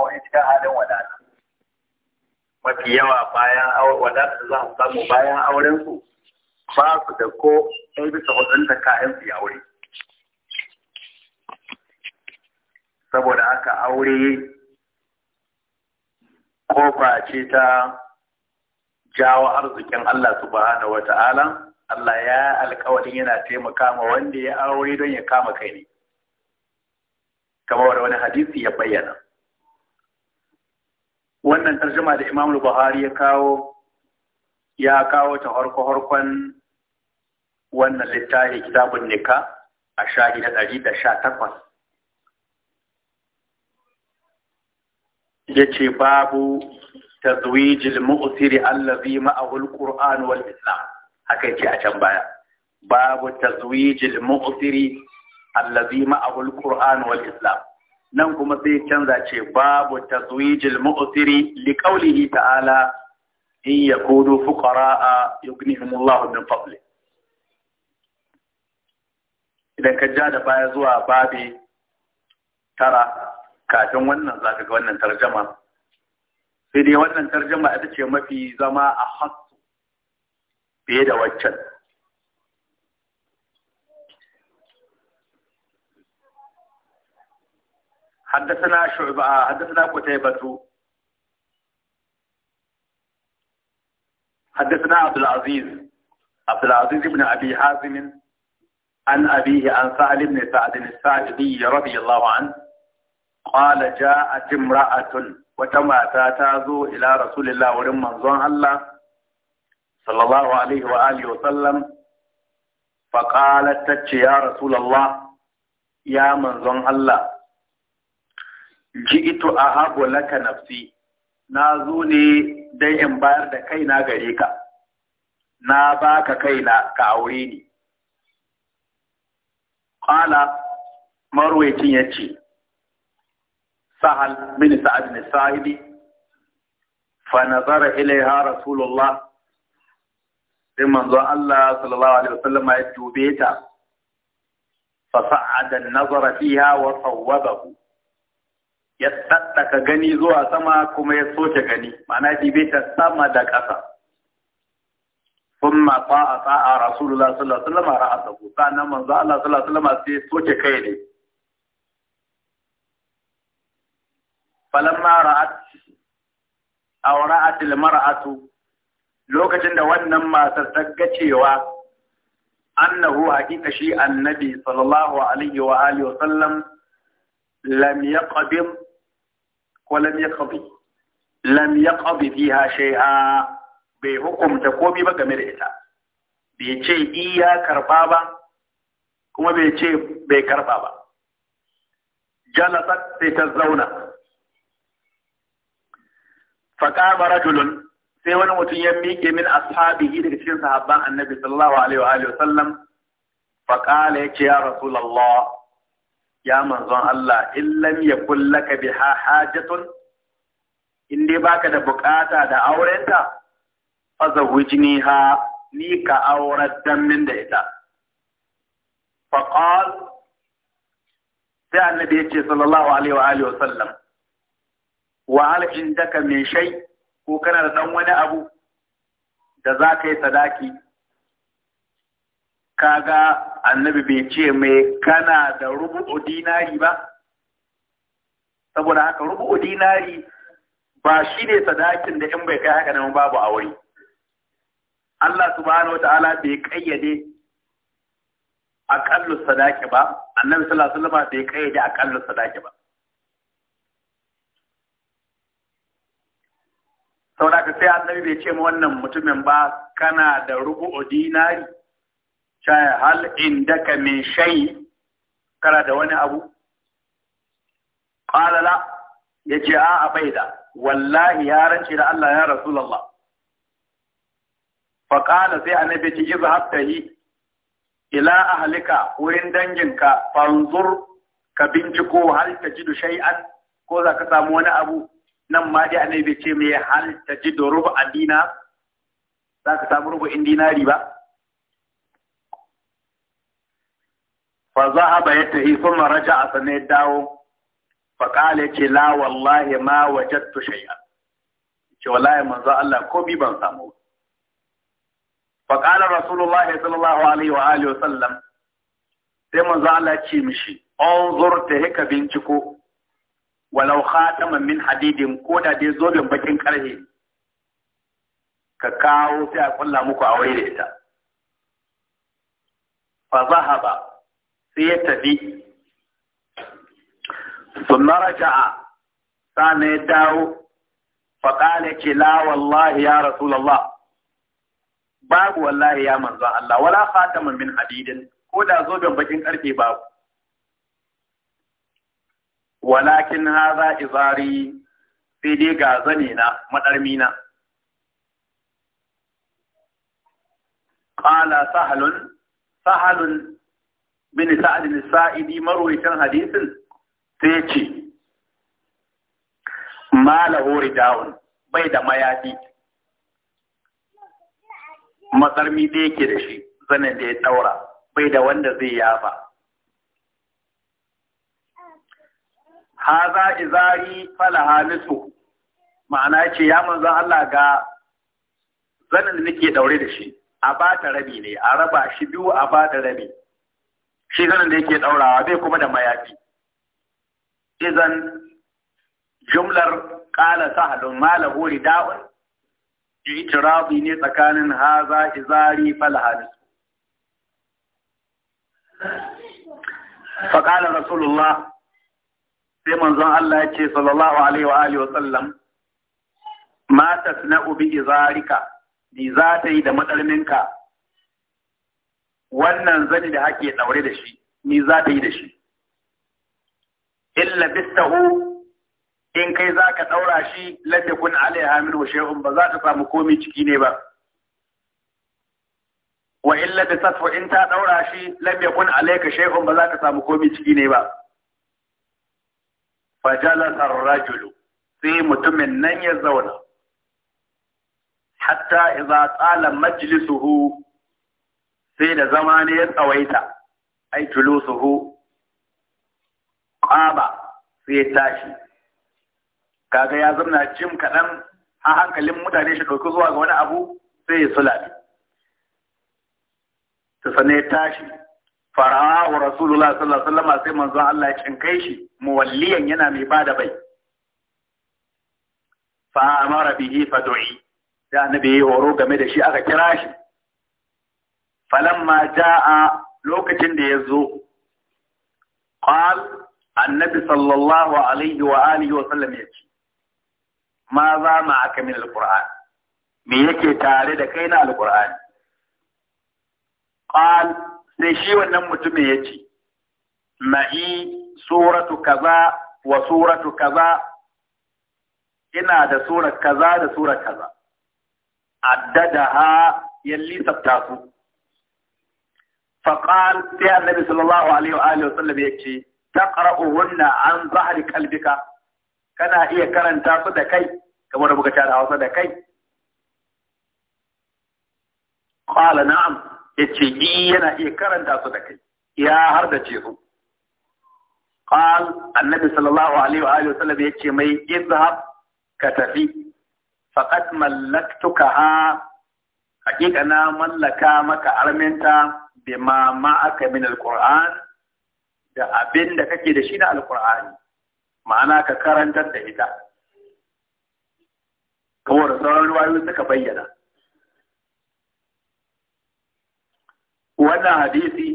aure cikin halin wadata mafi yawa bayan wadata za su samu bayan auren su ba su da ko ɗan bisa hudunta kayan su aure saboda haka aure kofa ce ta jawo arzikin Allah subhanahu wata'ala Allah ya alkawarin yana taimaka ma wanda ya aure don ya kama kai ne kamar wani hadisi ya bayyana wannan tarjuma da Imam Buhari ya kawo ya kawo ta harko-harkon wannan littafi kitabun nika a shahi na ɗari da sha takwas. Ya ce babu ta zuwijil mu'usiri allazi ma'ahul Qur'an wal Islam haka yake a can baya. Babu ta zuwijil mu'usiri allazi ma'ahul Qur'an wal Islam. nan kuma sai canza ce babu tazwijil mu'siri li qawlihi ta'ala in yakunu fuqara'a yughnihim Allahu min fadli idan ka ja da baya zuwa babi tara kafin wannan zaka ga wannan tarjama sai dai wannan tarjama ita ce mafi zama a hasu fiye da waccan حدثنا شعبة حدثنا قتيبة حدثنا عبد العزيز عبد العزيز بن أبي حازم عن أبيه عن سعد بن سعد الساعدي رضي الله عنه قال جاءت امرأة وتم تاتازو إلى رسول الله ورمان زون الله صلى الله عليه وآله وسلم فقالت تتش يا رسول الله يا زون الله ji'tu a laka nafsi na zo ne dan in bayar da kaina gare ka na baka kaina ka aure ni qala ya yace sahal bin sa'ad bin sahibi fa nazara ilaiha rasulullah sai manzo Allah sallallahu alaihi wasallam ya dube ta fa sa'ada an-nazara fiha wa sawwabahu ya tsaddaka gani zuwa sama kuma ya soke gani ma'ana dibe ta sama da ƙasa thumma ta'a ta'a rasulullah sallallahu alaihi wasallam ra'asahu sannan manzo Allah sallallahu alaihi wasallam sai soke kai ne falamma ra'at aw ra'at al-mar'atu lokacin da wannan matar ta ga cewa annahu hakika shi annabi sallallahu alaihi wa alihi wa sallam lam yaqdim ولم يقضي لم يقضي فيها شيئا بي بحكم تقومي بقى مرئتا بيشي إيا كربابا كما بيشي بي كربابا جلست تتزونا فقام رجل سيوان متيميك من أصحابه لكتين صحابان النبي صلى الله عليه وآله وسلم فقال يا رسول الله ya manzon Allah in lam yakul laka biha hajatun in baka da bukata da aurenta fa zawwijniha ni ka aurar dan da ita fa sai annabi yace sallallahu alaihi wa alihi wa sallam wa hal indaka min shay ko kana da dan wani abu da za ka yi sadaki kaga annabi bai ce mai kana da rubu'u dinari ba saboda haka rubu'u dinari ba shi ne sadakin da in bai kai haka nan babu aure Allah subhanahu wata'ala bai kayyade aƙallu sadaki ba annabi sallallahu alaihi wasallam bai kayyade aƙallu sadaki ba saboda ka sai annabi bai ce ma wannan mutumin ba kana da rubu'u dinari cewa hal indaka min shai, kana da wani abu qala ya yace a da. wallahi ya rance da Allah ya rasulullah fa sai annabi ce izhab tahi ila ahalika wurin danginka fanzur ka binciko hal tajidu shay'an ko za ka samu wani abu nan ma dai annabi ce me hal tajidu rubu adina za ka samu rubu indinari ba fa zahaba ya yi kuma raja a sanai dawo fa kala ce la wallahi ma wajattu shay'an ce wallahi manzo Allah ko bi ban samu fa kala rasulullah sallallahu alaihi wa alihi wa sallam sai manzo Allah ce mishi An ta hika binciko walau khataman min hadidin ko da dai zobin bakin karhe ka kawo sai a kulla muku a waye da ita fa za ba. sai ya tafi sun a sana ya dawo faƙala ce la wallahi ya rasulallah babu wallahi ya manzo Allah wala khataman min hadidin ko da zoben bakin karfe babu walakin haza izari sai dai ga zane na maɗarmina. na qala sahalun sahalun bin sa'ad bin sa'idi marwayatan hadisin sai ce malahu ridawun bai da mayafi matsarmi da yake da shi zanen da ya daura bai da wanda zai yafa haza izari falaha nisu ma'ana ce ya manzan Allah ga zanen da nake daure da shi a ba ta rabi ne a raba shi biyu a ba ta rabi shi zanen da yake daurawa bai kuma da mayafi izan jumlar ƙala sahalun malahu rida'un itirabi ne tsakanin haza izari falhal faƙala rasulullah sai manzon Allah ya ce sallallahu alaihi wa wa sallam ma tasna'u bi izarika bi za ta yi da madarminka wannan zani da ake daure da shi ni za ta yi da shi illa bistahu in kai za ka daura shi lalle kun alaiha min wa shay'un ba za ta samu komai ciki ne ba wa illa bistahu in ta daura shi lam yakun ka shay'un ba za ta samu komai ciki ne ba fajalasa ar-rajulu sai mutumin nan ya zauna hatta idza tsala majlisuhu sai da zama ne ya tsawaita ai suhu. ƙaba sai ya tashi kaga ya zamna jim kaɗan a hankalin mutane shi ɗauki zuwa ga wani abu sai ya sula ta sane ya tashi farawa wa rasulullah sallallahu alaihi wasallam sai manzon Allah ya cinkai shi muwalliyan yana mai bada bai fa amara bihi fa du'i da annabi horo game da shi aka kira shi falamma ja'a lokacin da ya zo qal annabi sallallahu alaihi wa alihi wa sallam ya ce ma za ma aka min alquran me yake tare da kai na alqur'ani qal sai shi wannan mutumin ya ce ma'i suratu kaza wa suratu kaza ina da surar kaza da surar kaza addadaha yalli sabta su فقال يا النبي صلى الله عليه واله وسلم يكي تقرأهن عن ظهر قلبك كان هي كرن تاسو دكاي كما ربك تعالى هوسا دكاي قال نعم يكي ينا هي كرن تاسو دكاي يا هرد جيهو قال النبي صلى الله عليه واله وسلم يكي مي اذهب كتفي فقد ملكتكها حقيقة أنا ملكا مكا أرمنتا bima ma'aka min al-Qur'an da abin da kake da shi na al-Qur'ani ma'ana ka karantar da ita kawai sauran ruwayoyi suka bayyana wannan hadisi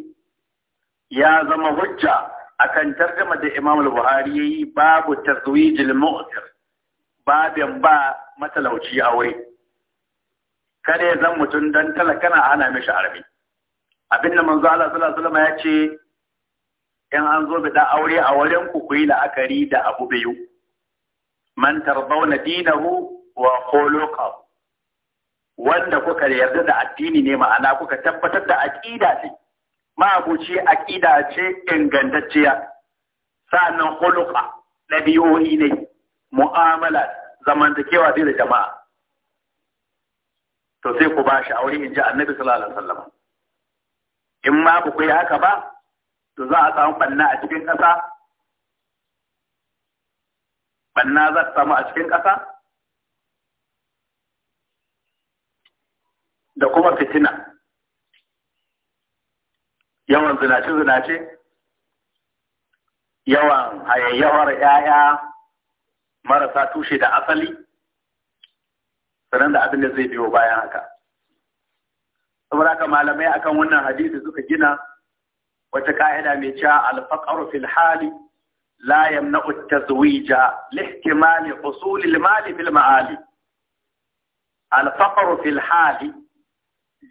ya zama hujja akan tarjuma da Imam al-Buhari yayi babu tazwijil mu'tir babin ba matalauci a kada ya zan mutum dan na ana mishi arabi abinda da manzo Allah sallallahu alaihi ya ce in an zo bi da aure a wurin ku kuyi la'akari da abu biyu man tarbauna dinahu wa khuluqahu wanda kuka yarda da addini ne ma'ana kuka tabbatar da aqida ce ma'abuci aqida ce ingantacciya sa'annan khuluqa dabi'o'i ne mu'amala zamantakewa da jama'a to sai ku ba shi aure in ji annabi sallallahu alaihi wasallam in ma ba ku yi haka ba to za a samu banna a cikin ƙasa banna za ta samu a cikin ƙasa da kuma fitina yawan zinace-zinace yawan hayayyawar 'ya'ya marasa tushe da asali sanan da abin da zai biyo bayan haka saboda haka malamai akan wannan hadisi suka gina wata ka'ida mai cewa al fil hali la yamna'u at-tazwija li ihtimali usul al-mali bil ma'ali al fil hali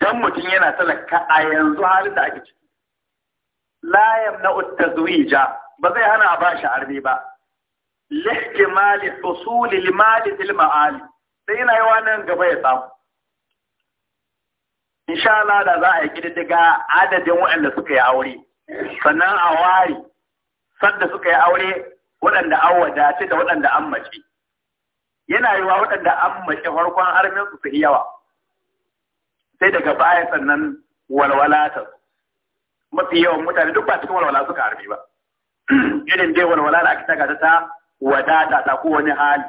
dan mutum yana talaka a yanzu halin da ake ciki la yamna'u at-tazwija ba zai hana a bashi arme ba li ihtimali usul al-mali bil ma'ali sai yana yawa nan gaba ya samu insha Allah da za a yi kididdiga adadin waɗanda suka yi aure sannan a ware sadda suka yi aure waɗanda an wadace da waɗanda an mace yana yi wa waɗanda an mace farkon harmin su yi yawa sai daga baya sannan walwala ta mafi yawan mutane duk ba cikin walwala suka harbi ba irin dai walwala da aka taga ta wadata ta ko wani hali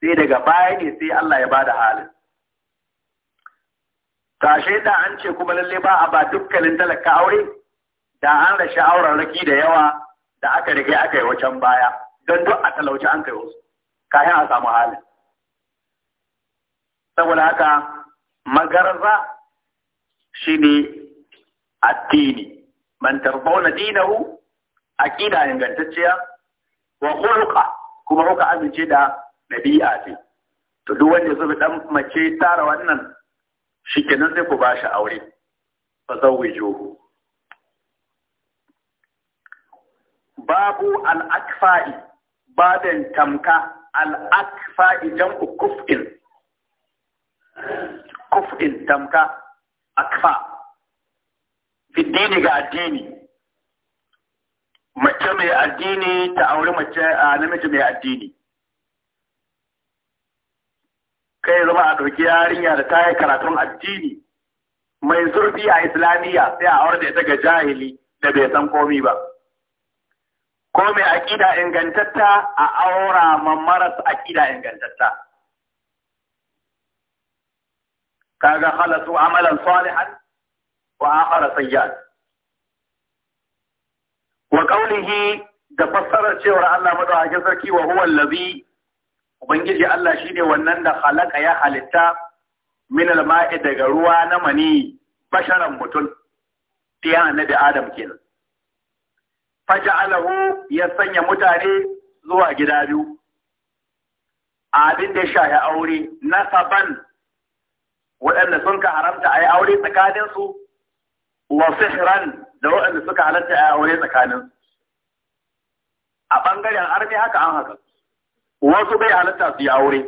sai daga baya ne sai Allah ya bada halin ka da an ce kuma lalle ba a ba dukkanin talaka aure da an rashi auren raki da yawa da aka rike aka yi wacan baya don duk a talauci an kai wasu kayan a samu halin saboda haka magarza shi ne addini man tarbauna dinahu aqida ingantacciya wa khuluqa kuma kuka amince da nabi'a ce to duk wanda zuba dan mace tara wannan shi kenan sai ku ba shi aure fa zawwijuhu babu al-akfa'i badan tamka al-akfa'i jam'u kuf'in kuf'in tamka akfa fi dini ga addini mace mai addini ta aure mace namiji mai addini kai zama a ɗauki yarinya da ta yi karatun addini mai zurfi a islamiyya sai a aure da ita ga jahili da bai san komi ba ko mai aƙida ingantatta a aura ma maras aƙida ingantatta kaga halasu amalan salihan wa akhara sayyi'an wa qawlihi da fassarar cewar Allah madaukakin sarki wa huwa allazi ubangiji Allah shi ne wannan da halaka ya halitta min alma'i daga ruwa na mani basharan mutum na annabi Adam kenan alahu ya sanya mutane zuwa gida biyu abin da ya ya aure nasaban waɗanda sun ka haramta a yi aure tsakaninsu wa sihran da waɗanda suka halatta a yi aure tsakaninsu a ɓangaren armi haka an haka wasu bai halatta su yi aure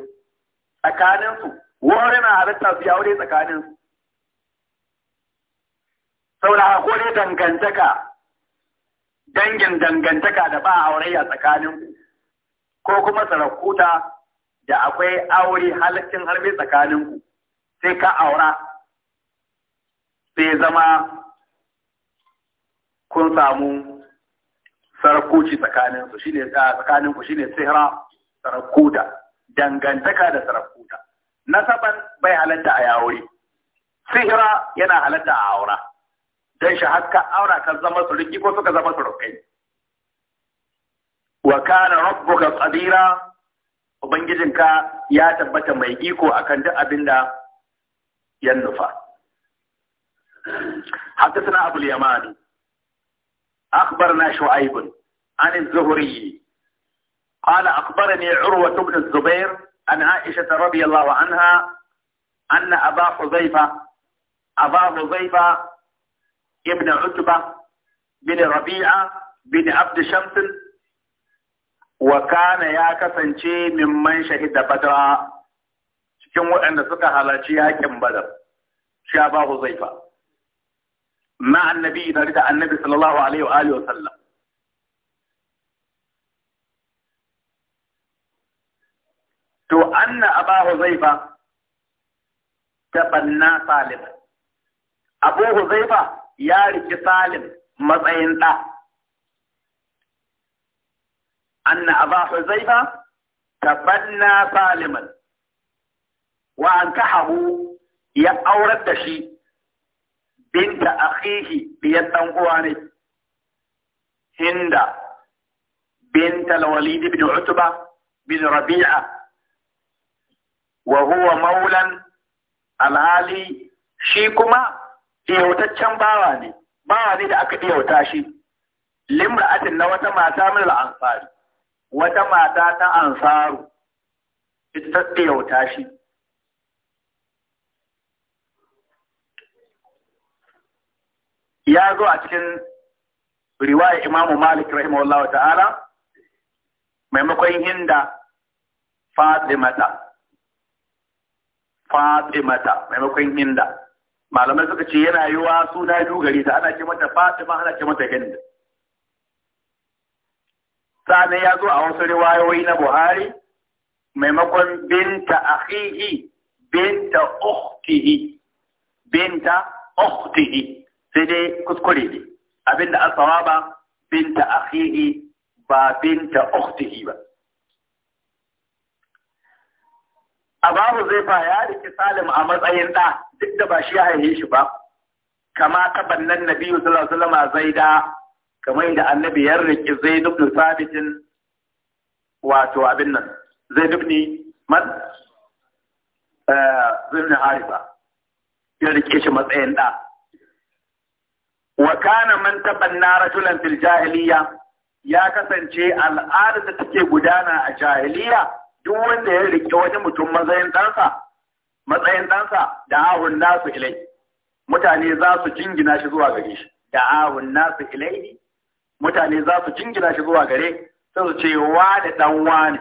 tsakaninsu wani na halatta su yi aure tsakaninsu da hakuri dangantaka dangin dangantaka da ba aure a tsakanin ko kuma sarakuta da akwai aure halittin harbe tsakanin ku sai ka aura sai zama kun samu sarakuci tsakanin su shine tsakanin ku shine sihra sarakuta dangantaka da sarakuda nasaban bai halatta a yawuri sihira yana halatta a aura don shi haka aura kan zama su riki ko suka zama su surukai wa kana rabbuka qadira ubangijinka ya tabbata mai iko akan duk abin da ya nufa حدثنا أبو اليماني أخبرنا شعيب عن الزهري قال أخبرني عروة بن الزبير عن عائشة رضي الله عنها أن أبا حذيفة أبا حذيفة ابن عتبة بن ربيعة بن عبد شمس وكان يا كسنشي ممن شهد بدرا كم waɗanda suka على yakin badar بدر Abu Huzaifa مع النبي da annabi sallallahu alaihi wa alihi wa to anna aba huzaifa tabanna salim abu huzaifa ya riki salim matsayin ɗa anna aba huzaifa tabanna saliman wa an kahahu ya aurar da shi binta akhihi biyar ɗan uwa ne hinda binta walid bin utuba bin rabi'a wa huwa maulan alhali shi kuma ɗiyautaccen bawa ne bawa ne da aka ɗiyauta shi limra'atin na wata mata min al'ansari wata mata ta ansaru ita ta ɗiyauta shi ya zo a cikin riwaya imamu malik rahimahullahu ta'ala maimakon hinda fatimata fatimata maimakon inda malamai suka ce yana yiwa suna biyu gare ta ana ce mata fatima ana ce mata hinda sa'annan ya zo a wasu riwayoyi na buhari maimakon binta akhihi binta ukhtihi binta ukhtihi sai dai kuskure ne abinda asawaba binta akhihi ba binta ukhtihi ba babu zai fa ya riki Salim a matsayin ɗa duk da ba shi ya haife shi ba. Kama ta bannan biyu sallallahu alaihi wasallam zaida kamar da annabi ya riki zai ibn sabitin wato abin nan zai ibn man eh, zai ibn Harifa ya riƙe shi matsayin ɗa. Wa kana man tabanna rajulan fil jahiliya ya kasance al'adar da take gudana a jahiliya duk wanda ya rike wani mutum matsayin ɗansa matsayin ɗansa da ahun nasu ilai mutane za su jingina shi zuwa gare shi da ahun nasu ilai mutane za su jingina shi zuwa gare sai su ce wa da ɗan wani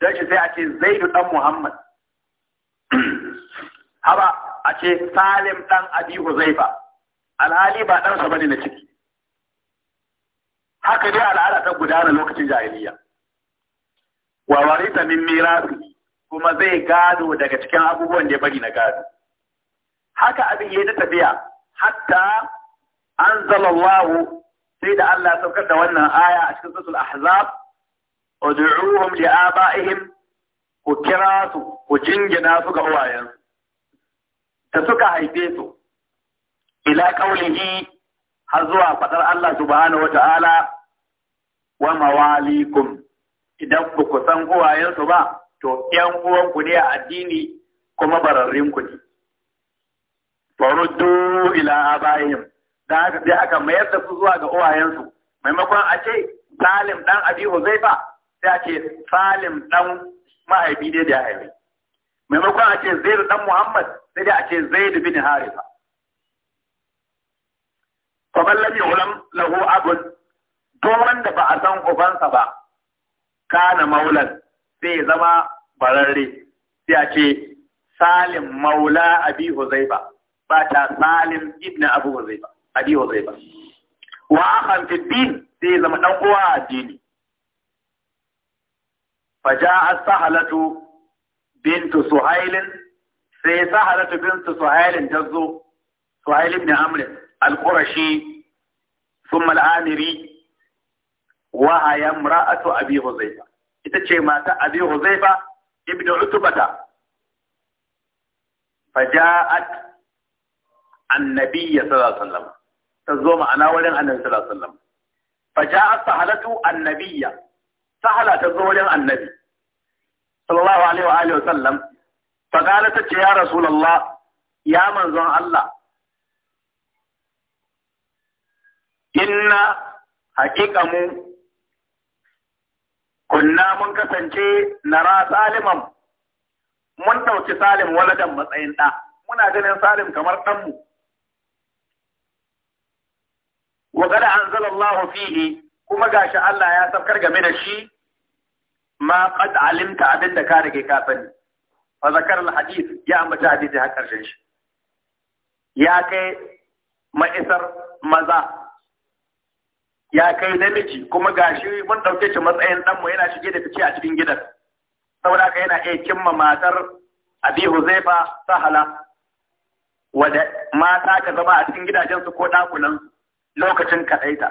don shi sai a ce zaidu ɗan muhammad haba a ce salim ɗan abi huzaifa alhali ba ɗansa bane na ciki haka dai al'ada ta gudana lokacin jahiliya wa warisa min mirasi kuma zai gado daga cikin abubuwan da ya bari na gado haka abin yayi ta tafiya hatta anzalallahu sai da Allah ya saukar da wannan aya a cikin suratul ahzab ud'uhum li abaihim ku kira su ku jingina su ga uwayen da suka haife su ila qaulihi har zuwa fadar Allah subhanahu Ta'ala wa mawalikum idan ba ku san uwayensu ba to ‘yan uwanku ne a addini kuma ku ne. Faruddu ila abayim da haka sai aka mayar da su zuwa ga uwayensu maimakon a ce salim ɗan abi ba, sai a ce salim ɗan mahaifi ne da ya haifi maimakon a ce zaidu ɗan muhammad sai dai a ce zaidu bin harifa Kwamallami lam lahu abun duk wanda ba a san ubansa ba kana maulan sai zama bararre sai a ce salim maula abi huzaifa ba ta salim ibn abu huzaifa abi huzaifa wa akhan fi din sai zama dan uwa addini faja'a sahalatu bintu suhailin sai sahalatu bintu suhailin tazo suhail ibn amr al-qurashi ثم الآمري wa ayam mura'atu abi huzaifa ita ce mata abi huzaifa ibnu utbata faja'at annabiyya sallallahu alaihi wasallam ta zo ma'ana wurin annabi sallallahu alaihi wasallam faja'at sahalatu annabiyya sahala ta zo wurin annabi sallallahu alaihi wa alihi wasallam fa qala ta ce ya rasulullah ya manzon Allah inna haƙiƙa mu kunna mun kasance nara salimam mun ɗauki salim waladan matsayin ɗa muna ganin salim kamar ɗanmu wa gada anzalallahu fihi kuma gashi Allah ya saukar game da shi ma qad alimta abin da ka rage ka sani fa zakar al hadith ya ambaci hadisi har karshen shi ya kai ma'isar maza ya kai namiji kuma ga shi mun ɗauke shi matsayin ɗanmu yana shige da fice a cikin gidan saboda haka yana iya kimma matar abi huzaifa sahala wadda mata ka zama a cikin gidajensu ko ɗakunan lokacin kaɗaita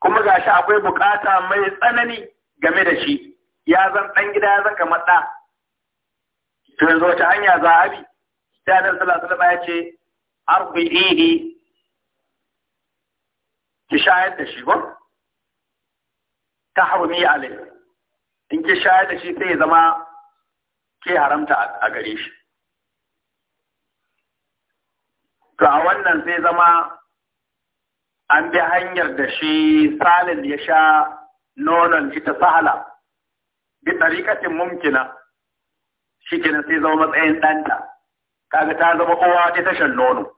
kuma ga shi akwai bukata mai tsanani game da shi ya zan ɗan gida ya zan kamar ɗa to yanzu ta hanya za a bi sai annabi sallallahu alaihi wasallam ya ce arbi'ihi ki shayar da shi ba ta harumi alai in ki shayar da shi sai ya zama ke haramta a gare shi to a wannan sai zama an bi hanyar da shi salin ya sha nonon shi ta sahala bi tsarikacin mumkina shi kenan sai zama matsayin ɗanta kaga ta zama kowa ta tashar nono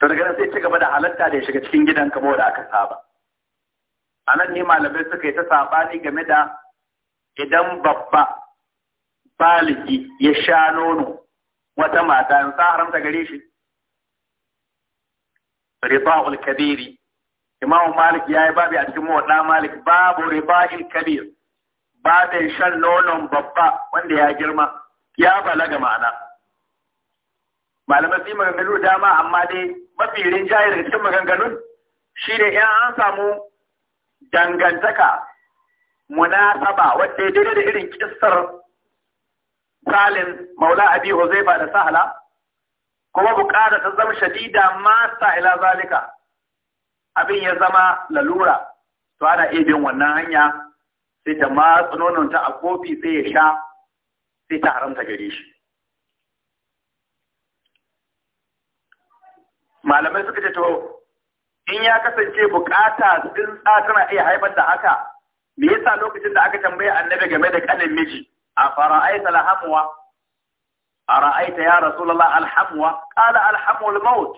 to daga nan sai ci gaba da halatta da ya shiga cikin gidan ka da aka saba a nan ne malamai suka yi ta saɓani game da idan babba baliki ya sha nono wata mata in sa haramta gare shi riba'ul kabiri imamu malik ya yi babi a cikin mawaɗa malik babu riba'il kabir babin shan nonon babba wanda ya girma ya balaga ma'ana malamai sun maganganu da dama amma dai mafi rinjaye daga cikin maganganun shi ne in an samu dangantaka munasaba wadda ya daidai da irin kissar salim maula abi huzaifa da sahala kuma bukata ta zama shadida masa ila zalika abin ya zama lalura to ana iya bin wannan hanya sai ta matsa a kofi sai ya sha sai ta haramta gare shi malamai suka ce to in ya kasance bukata tsintsa tana iya haifar da haka me yasa lokacin da aka tambaye annabi game da kanin miji a fara'aita alhamwa ara'aita ya rasulullah alhamwa qala alhamul maut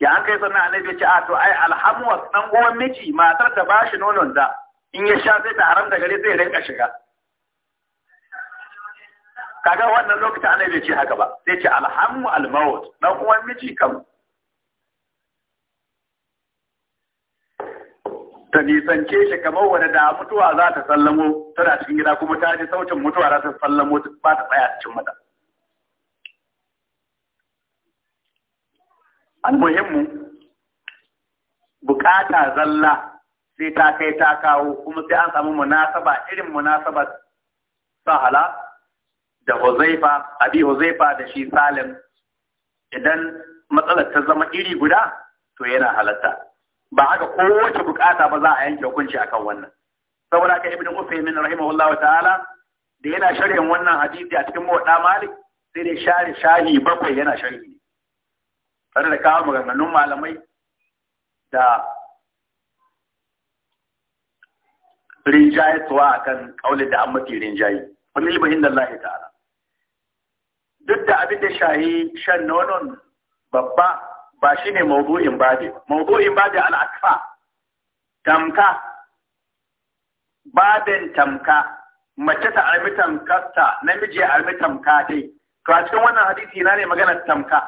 ya an kai sannan annabi ya ce a to ai alhamwa dan uwan miji matar da bashi nonon da in ya sha sai ta haramta gare sai ya rinka shiga kaga wannan lokacin annabi bai ce haka ba sai ce alhamu almawut na uwan miji kam ta nisance shi kamar wani da mutuwa za ta sallamo tana cikin gida kuma ta ji sautin mutuwa za ta sallamo ba ta tsaya cikin mata almuhimmu bukata zalla sai ta kai ta kawo kuma sai an samu munasaba irin munasabar sahala da Huzaifa abi Huzaifa da shi Salim idan matsalar ta zama iri guda to yana halatta ba haka kowace bukata ba za a yanke hukunci akan wannan saboda haka ibnu Uthaymeen rahimahullah ta'ala da yana sharhin wannan hadisi a cikin Muwatta Malik sai dai share shahi bakwai yana sharhi tare da kawo maganganun malamai da rinjaye tuwa akan kaulin da an mafi rinjaye wani ibahin da Allah ta'ala duk da abin da shahi shan nonon babba ba shi ne mawdu'in babi mawdu'in babi al'akfa tamka babin tamka mace ta armi tamkasta, namiji ya armi tamka dai to wannan hadisi na ne maganar tamka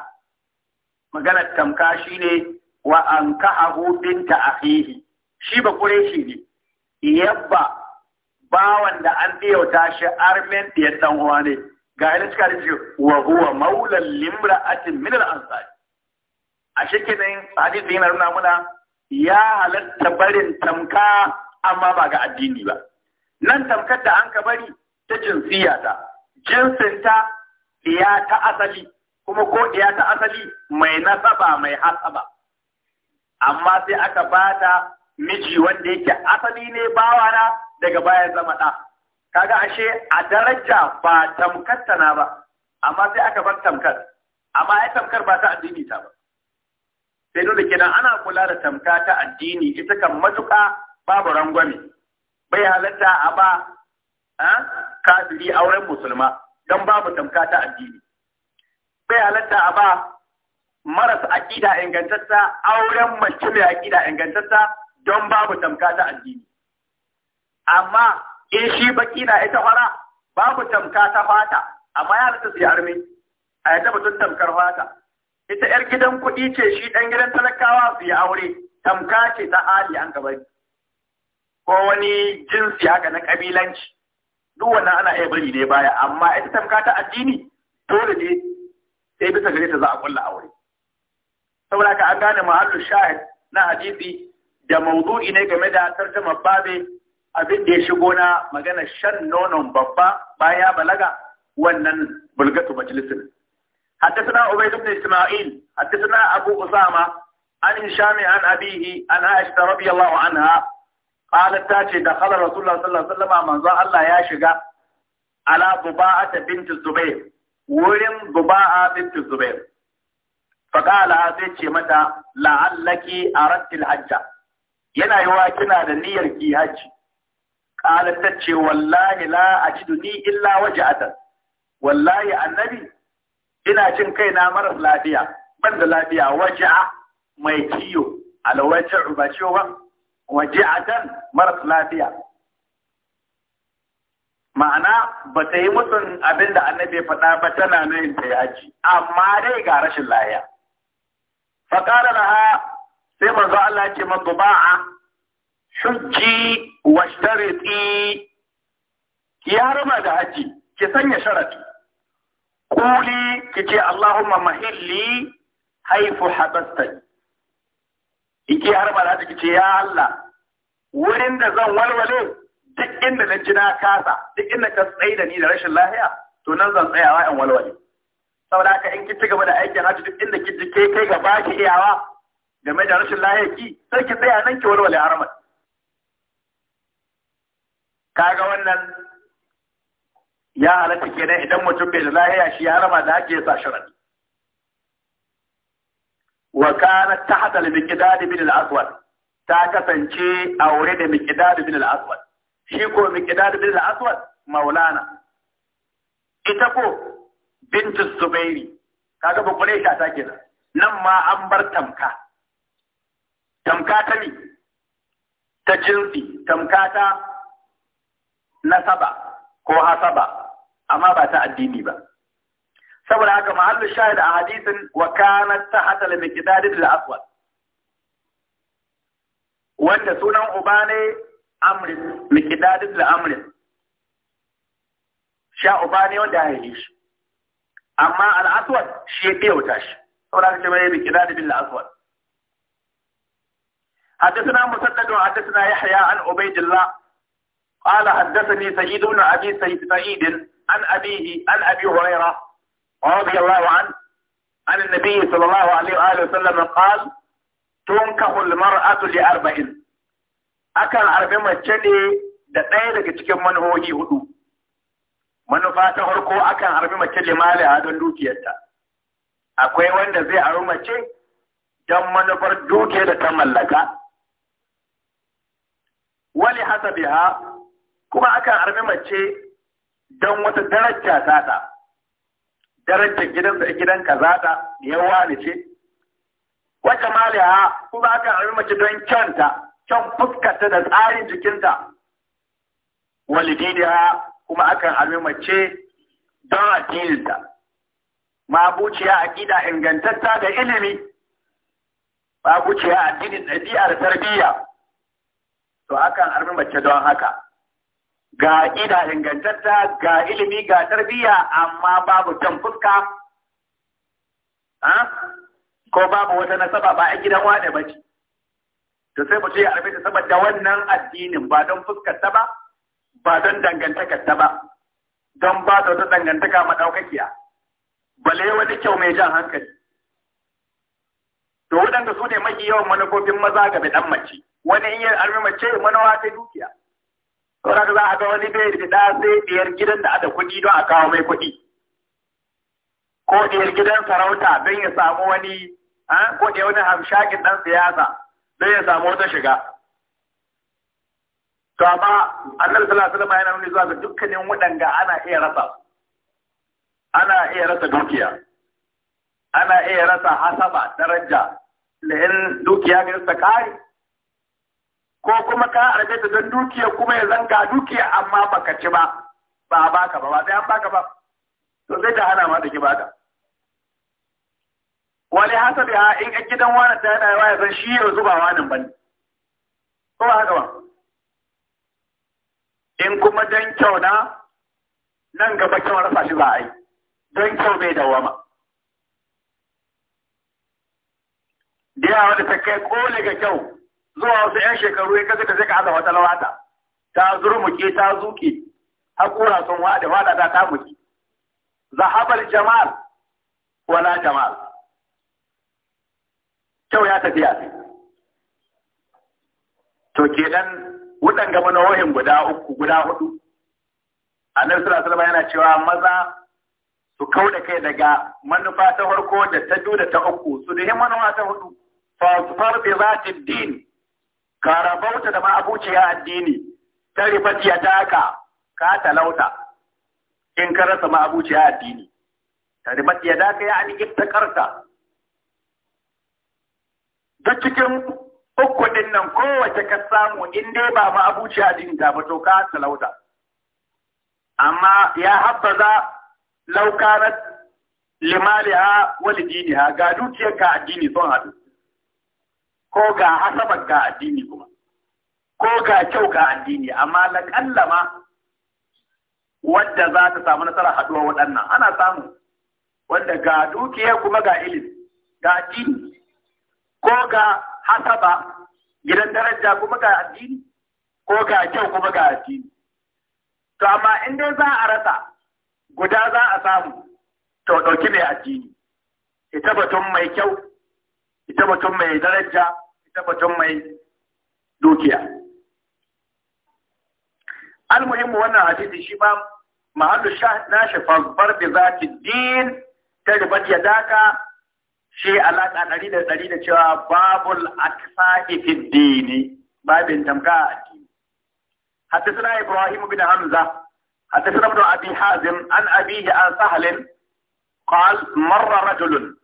maganar tamka shine wa an kahahu binta akhihi shi ba shi ne yabba bawan da an biyauta shi armen da ya san uwa ne ga yana cika da wa huwa maula limra'atin min al ansari a shekenin hadisi yana nuna muna ya halatta barin tamka amma ba ga addini ba nan tamkar da an ka bari ta jinsiya ta jinsin ta ɗiya ta asali kuma ko ɗiya ta asali mai nasaba mai hasaba amma sai aka bata miji wanda yake asali ne na daga baya zama ɗa kaga ashe a daraja ba tamkar tana ba amma sai aka bar tamkar amma ai tamkar ba ta addini ta ba sai dole kenan ana kula da tamka ta addini ita kan matuƙa babu rangwame bai halatta a ba kafiri auren musulma don babu tamka ta addini bai halatta a ba maras aƙida ingantatta auren mace mai aƙida ingantatta don babu tamka ta addini amma in eh, shi baki na ita fara babu tamka ta fata amma ya rasa sai armi a yadda mutum tamkar fata ita yar gidan kuɗi ce shi ɗan gidan talakawa su yi aure tamka ce ta hali an gaba ko wani jinsi haka na kabilanci duk wannan ana iya bari ne baya amma ita tamka ta addini dole ne sai bisa gare ta za a kulla aure saboda ka an gane mahallu shahid na hadisi da mawdu'i ne game da tarjama babe abin da ya shigo na magana shan nonon babba baya balaga wannan bulgatu majalisin حدثنا عبيد بن اسماعيل حدثنا ابو اسامه عن هشام عن ابيه عن عائشه رضي الله عنها قالت تاتي دخل رسول الله صلى الله عليه وسلم من ذا الله يا شجا على بباعة بنت الزبير ورم بباعة بنت الزبير فقال هذه متى لعلك اردت الحج yana yiwa kina da niyyar ki haji قالت تتشي والله لا أجدني إلا وجعة والله النبي ina cin kaina maras lafiya ban da lafiya waja'a mai ciyo alwaja'u ba ciwo ba waji'atan maras lafiya ma'ana ba ta yi mutum abin annabi faɗa ba tana nan ta yaji amma dai ga rashin laya. fa qala laha sai manzo Allah ya ce man duba'a hujji wa shtariti Ya harma da haji ki sanya sharadi kuli ki ce Allahumma mahilli haifu habastani ki harma da haji ki ya Allah wurin da zan walwale duk inda na ji na kasa duk inda ka tsaye da ni da rashin lahiya to nan zan tsayawa in walwale saboda haka in ki ci gaba da aikin hajji duk inda ki ji kai ga baki iyawa game da rashin lahiya ki sai ki tsaya nan ki walwale haramar kaga wannan ya halatta kenan idan mutum bai da lahiya shi ya raba da ake sa sharadi wa kana tahta al-miqdad bin al-aswad ta kasance aure da miqdad bin al-aswad shi ko miqdad bin al-aswad maulana ita ko bintu zubairi kaga ba kure ta take nan nan ma an bar tamka tamka ta ne ta jinsi tamka ta nasaba ko hasaba amma ba ta addini ba saboda haka mahallu shahid a hadisin wa kanat tahta al-miqdad al-aswad wanda sunan uba ne amrin miqdad al-amrin sha uba ne wanda ya yi shi amma al-aswad shi ya wuta shi saboda haka mai miqdad al-aswad حدثنا مسدد وحدثنا يحيى عن عبيد الله قال حدثني سيد بن أبي سيد سعيد عن أبيه عن أبي هريرة رضي الله عنه عن النبي صلى الله عليه وآله وسلم قال تنكح المرأة Akan أكن mace ne da ɗaya daga cikin manhoji hudu manufa ta farko akan harbi mace limaliya don dukiyarta akwai wanda zai harbi mace don manufar dukiyar da ta mallaka wani hasabiha kuma akan armi mace don wata daraja ta ta darajar gidansa gidan za ta yawa ne ce wata maliya kuma akan armi mace don kyanta kyan fuskarta da tsarin jikinta walidiniha kuma akan armi mace don addininta mabuciya aƙida ingantatta da ilimi mabuciya addinin ɗabi'a da tarbiyya to akan armi mace don haka ga ida ingantatta ga ilimi ga tarbiyya amma babu can fuska ah? ko babu wata nasaba ba a gidan wane ba ce to sai mutum ya arbe ta saboda wannan addinin ba don fuskar ta ba ba don dangantakar ta ba don ba da wata dangantaka madaukakiya bale wani kyau mai jan hankali to waɗanda su ne mafi yawan manufofin maza ga dan mace wani in yi mace manawa ta dukiya saboda za a ga wani bai rida sai ɗiyar gidan da ada kuɗi don a kawo mai kuɗi ko ɗiyar gidan sarauta don ya samu wani ko ɗiyar wani hamshakin ɗan siyasa don ya samu wata shiga to amma annabi sallallahu alaihi wasallam yana nuni zuwa ga dukkanin waɗanda ana iya rasa ana iya rasa dukiya ana iya rasa hasaba daraja La'in dukiya ga ta ko kuma ka argata don dukiya kuma ya zanga dukiya amma baka ci ba ba a baka ba ba sai an baka ba to sai ta hana ma da ki baka wani hasabi da in a gidan wani ta yana yawa ya san shi ya zuba wani ba ne ko ba haka ba in kuma dan kyau na nan gaba kyau rasa shi za a yi don kyau bai dawama da yawa da ta kai kole ga kyau zuwa wasu 'yan shekaru ya kasa ta sai ka aza wata lawata ta zurmuke ta zuke Haƙura sun wada wada ta ta muke zahabal jamal wala jamal kyau ya tafiya to ke dan wudan gaba na wahin guda uku guda hudu annabi sallallahu alaihi yana cewa maza su kauda kai daga manufa ta farko da ta biyu da ta uku su da manufa ta hudu fa su za zati din ka rabauta da ma'abuciya addini ta rifatiya ta haka ka talauta in ka rasa ma'abuciya addini ta rifatiya ta ka ya an karta. ta cikin uku nan kowace ka samu in dai ba ma'abuciya addini ta fito ka talauta amma ya habbaza laukarar limaliha walidiniha ga dukiyar ka addini son haɗu ko ga hasabar ga addini kuma ko ga kyau ga addini amma na kallama wadda za ta samu nasara haɗuwa waɗannan ana samu wadda ga dukiya kuma ga ilimi ga addini ko ga hasaba gidan daraja kuma ga addini ko ga kyau kuma ga addini to amma in dai za a rasa guda za a samu to ɗauki mai addini ita batun mai kyau ita batun mai daraja ita batun mai dukiya almuhimmu wannan hadisi shi ba mahallu nashi fasbar bi zati din ta ribar yadaka shi alaƙa ɗari da ɗari da cewa babul aksa'i fi dini babin tamka a addini حدثنا إبراهيم بن حمزة حدثنا ابن أبي حازم عن أبيه عن سهل قال مر رجل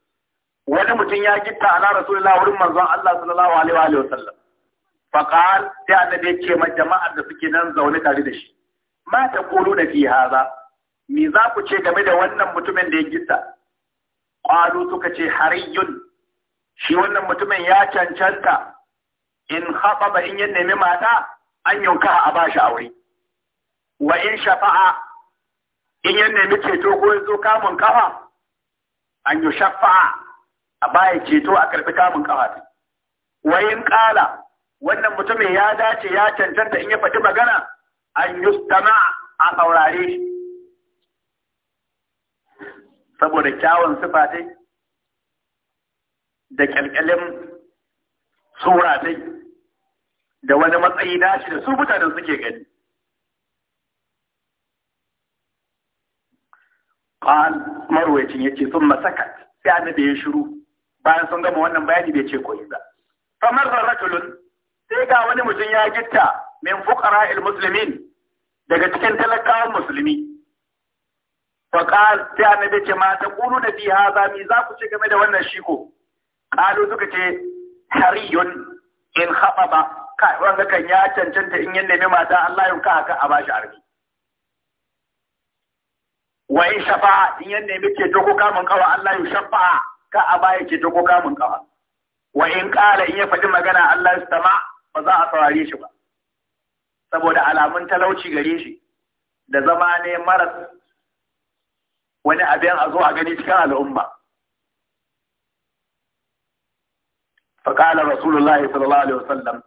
wani mutum ya gitta ala rasulullah wurin manzon Allah sallallahu alaihi wa sallam fa qal sai annabi ya ce ma jama'ar da suke nan zaune tare da shi ma ta kulu da fi haza me za ku ce game da wannan mutumin da ya gitta qalu suka ce hariyun shi wannan mutumin ya cancanta in haɓa in ya nemi mata an yanka a bashi aure wa in shafa'a in ya nemi ceto ko ya kamun kafa an yi shafa'a a baya ceto a karfi kamun kafa wayin ƙala wannan mutumin ya dace ya cancanta in ya faɗi magana an yustama a saurare shi saboda kyawun sifa da kyalkyalin sura da wani matsayi nashi da su mutanen suke gani قال sun يجي ثم سكت يعني بيشرو bayan sun gama wannan bayani bai ce koyi ba famar rajulun sai ga wani mutum ya gitta min fuqara muslimin daga cikin talakawan musulmi faqal na annabi ce ma ta qulu da fi hadha mi za ku ce game da wannan shiko qalu suka ce hariyun in khababa kai wanda kan ya cancanta in yin nemi mata Allah yau ka haka a bashi arbi wa in shafa'a in yan nemi ce doko kamun kawa Allah yau shafa'a ka a baya ce ta ko kamun kafa wa in ƙara in ya faɗi magana Allah ya sama ba za a saurare shi ba saboda alamun talauci gare shi da zama ne maras wani abin a zo a gani cikin al'umma faƙalar rasulullahi sallallahu alaihi wasallam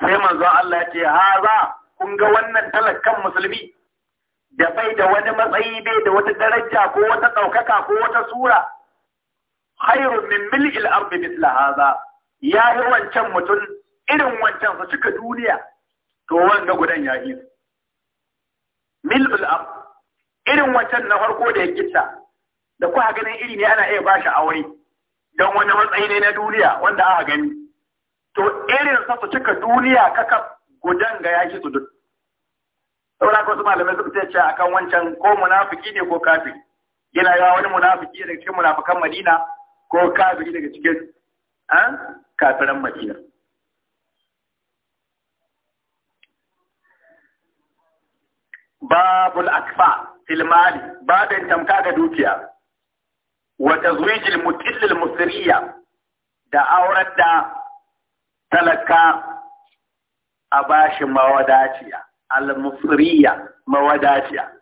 sai manzo Allah ce haza kun ga wannan talakan musulmi da bai da wani matsayi bai da wata daraja ko wata ɗaukaka ko wata sura khairun min mil'il ardi mithla hadha ya yi wancan mutum irin wancan su cika duniya to wanga gudan ya yi mil'ul ard irin wancan na farko da ya gitta da kuka ganin iri ne ana iya ba shi aure don wani matsayi ne na duniya wanda aka gani to irin sa su cika duniya kaka gudan ga ya su duk saboda wasu malamai suka ce akan wancan ko munafiki ne ko kafiri yana yawa wani munafiki daga cikin munafikan Madina ko kafiri daga cikin an ah, kafiran madina babul akfa fil mali babin tamka ga dukiya wa tazwijil mutillil musriya da auren da talaka a bashi mawadaciya al musriya mawadaciya